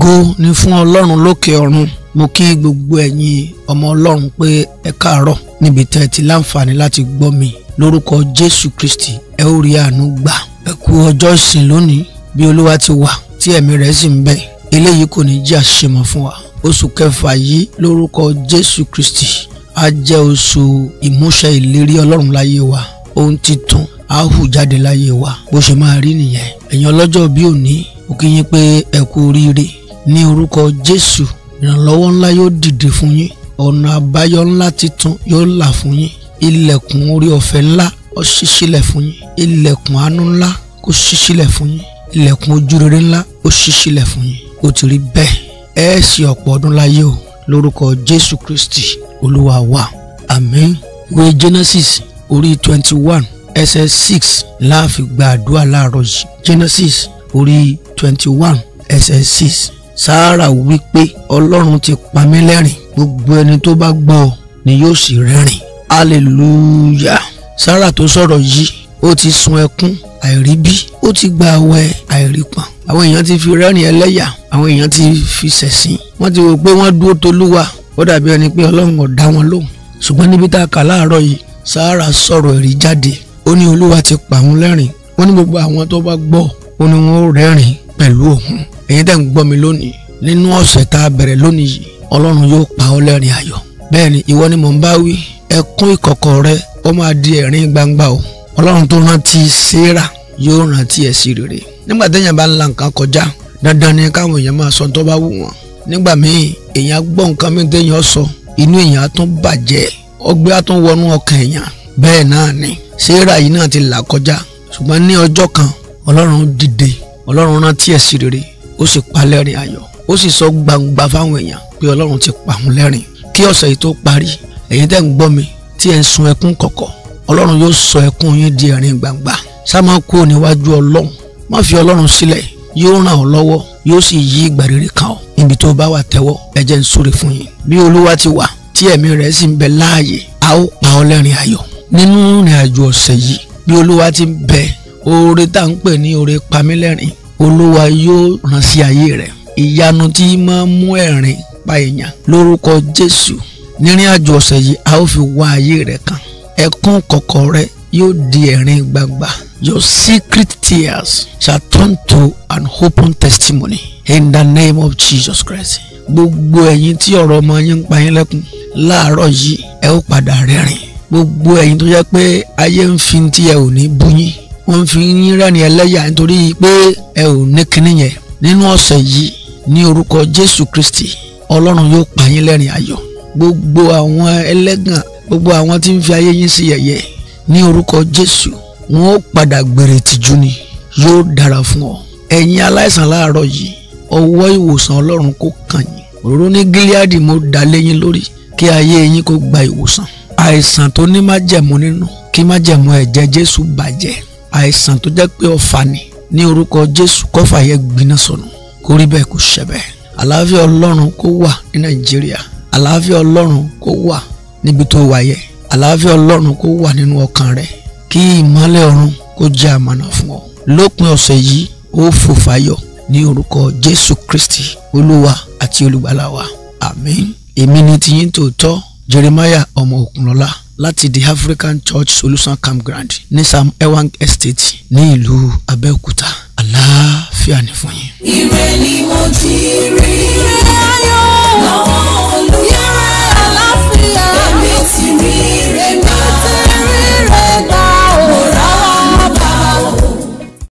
ògo ni fún ọlọ́run lókè ọ̀run mo kí gbogbo ẹ̀yin ọmọ ọlọ́run pé ẹ káàárọ̀ níbi tẹ́ ẹ ti láǹfààní láti gbọ́ mi lórúkọ jésù kristi ẹ ó rí àánú gbà ẹ kú ọjọ́ ìsìn lónìí bí olúwa ti wà tí ẹ̀mí rẹ̀ sì ń bẹ eléyìí kò ní jẹ́ àṣemọ̀ fún wa oṣù kẹfà yìí lórúkọ jésù kristi á jẹ́ oṣù ìmúṣẹ ìlérí ọlọ́run láyé wa ohun titun á hù jáde láyé wa bó ṣe máa rí nìyẹn ẹ̀yin ọlọ́jọ́ bí òní mo pé ẹ kú oríire ní orúkọ Jésù ìrànlọ́wọ́ ńlá yóò dìde fún yín ọ̀nà àbáyọ ńlá titun yóò là fún yín ilẹ̀kùn orí ọ̀fẹ́ ńlá ó ṣí sílẹ̀ fún yín ilẹ̀kùn àánú ńlá kó ṣí sílẹ̀ fún yín ilẹ̀kùn ojú rere ńlá ó ṣí fún yín ó ti rí bẹ́ẹ̀ ẹ ṣe ọ̀pọ̀ ọdún láyé o lórúkọ Jésù Kristi Olúwa wa àmín ìwé Genesis orí twenty one ẹsẹ̀ six la fi gba àdúrà láàárọ̀ yìí Genesis orí twenty one ẹsẹ̀ six sáárà wípé ọlọ́run ti pa mí lẹ́rìn gbogbo ẹni tó bá gbọ́ ni yóò sì rẹ́rìn aleluya sáárà tó sọ̀rọ̀ yìí ó ti sun ẹkún àìríbí ó ti gba àwẹ̀ àìrípọn àwọn èèyàn ti fi rẹ́rìn ẹlẹ́yà àwọn èèyàn ti fi ṣẹ̀sín wọ́n ti wò pé wọ́n dúró tolúwa ó dàbí ẹni pé ọlọ́run ò dá wọn lóhùn ṣùgbọ́n níbi tá a kà láàárọ̀ yìí sáárà sọ̀rọ̀ ẹ̀rí jáde ó ní olúwa ti pa lẹ́rìn ó ní gbogbo àwọn tó bá gbọ́ ó ní wọn ó rẹ́rìn pẹ̀lú òun ẹ̀yin tẹ́ ń gbọ́ mi lónìí nínú ọ̀sẹ̀ tá a bẹ̀rẹ̀ lónìí yìí ọlọ́run yóò pa ọ́ lẹ́rìn ayọ̀ bẹ́ẹ̀ ni ìwọ ni mò ń bá wí ẹkún ìkọ̀kọ̀ rẹ ó máa di ẹ̀rín gbangba o ọlọ́run tó rántí Séérà yóò rántí ẹ̀ rere nígbà téèyàn bá ń la nǹkan kọjá dandan ni káwọn èèyàn máa sọ tó bá wù wọ́n nígbà míì èèyàn gbọ́ nǹkan mi téèyàn sọ inú èèyàn á tún bàjẹ́ ọgbẹ́ á tún wọnú ọkàn èèyàn bẹ́ẹ̀ náà ni Séérà yìí náà ti là kọjá ṣùgbọ́n ní ọjọ́ kan ọlọ́run dìde ọlọ́run rántí ẹ̀sìn rere ó sì pa lẹ́rìn ayọ̀ ó sì sọ gbangba fáwọn èèyàn pé ọlọ́run ti pa òun lẹ́rìn kí ọ̀sẹ̀ yìí tó parí ẹ̀yin tẹ́ ń gbọ́ mi tí ẹ̀ ń sun ẹkún kọ̀kọ̀ ọlọ́run yóò sọ ẹkún yín di ẹ̀rín gbangba sáma kú níwájú ọlọ́run má fi ọlọ́run sílẹ̀ yóò ràn ọ́ lọ́wọ́ yóò sì yí ìgbà kan ọ́ níbi tó bá wà tẹ́wọ́ ẹ jẹ́ ń súre fún yín bí olúwa ti wà tí ẹ̀mí rẹ̀ sì ń bẹ láàyè a ó pa ọ́ lẹ́rìn ayọ̀ nínú ìrìn àjò ọ̀sẹ̀ yìí bí olúwa ti bẹ oore tá à ń pè ní oore pamílẹ́rìn olúwa yóò rán sí ayé rẹ ìyanu tí máa mú ẹ̀rín pa èèyàn lórúkọ jésù nírìn àjò ọ̀sẹ̀ yìí a ó fi wá ayé rẹ kan ẹkún kọ̀kọ̀ rẹ yóò di ẹ̀rín gbagba your secret tears shall turn to an open testimony in the name of jesus christ gbogbo ẹ̀yin tí ọ̀rọ̀ ọmọ yín ń pa yín lẹ́kún láàárọ̀ yìí ẹ ó padà rẹ́rìn gbogbo ẹ̀yin tó jẹ́ pé ayé ń fi ti ẹ ò ní bú yín wọ́n fi yín rẹ́rìn ẹlẹ́yà nítorí pé ẹ ò ní kinní yẹn nínú ọ̀sẹ̀ yìí ní orúkọ Jésù Kristi Ọlọ́run yóò pa yín lẹ́rìn ayọ̀ gbogbo àwọn ẹlẹ́gàn gbogbo àwọn tí ń fi ayé yín sí yẹ̀yẹ́ ní orúkọ Jésù wọn ó padà gbèrè tìjú ni yóò dára fún ọ ẹ̀yin aláìsàn láàárọ̀ yìí ọwọ́ ìwòsàn Ọlọ́run kó kàn yín òróró ní Gilead mo dà léyìn lórí kí ayé yín kó gba ìwòsàn àìsàn tó ní májẹ̀mú nínú kí májẹ̀mú ẹ̀jẹ̀ Jésù bàjẹ́ àìsàn tó jẹ́ pé ọ̀fà ni ní orúkọ Jésù kọ́fà yẹn gbiná sọnù kó rí bẹ́ẹ̀ kó ṣẹ bẹ́ẹ̀ àlàáfíà Ọlọ́run kó wà ní Nàìjíríà àlàáfíà Ọlọ́run kó wà níbi tó wà yẹ àlàáfíà Ọlọ́run kó wà nínú ọkàn rẹ kí ìmọ́lẹ̀ ọ̀run kó jẹ́ àmànà fún ọ lópin ọ̀sẹ̀ yìí ó fò fáyọ̀ ní orúkọ Jésù Kristi Olúwa àti Olùgbàlà wa èmi ni tiyín tòótọ́ Jeremiah ọmọ Òkunlọ́lá láti the African Church Solution Campground ní Sam Ewang Estate ní ìlú Abẹ́òkúta àlàáfíà ní fún yín. Ire ni mo ti rí rẹ̀.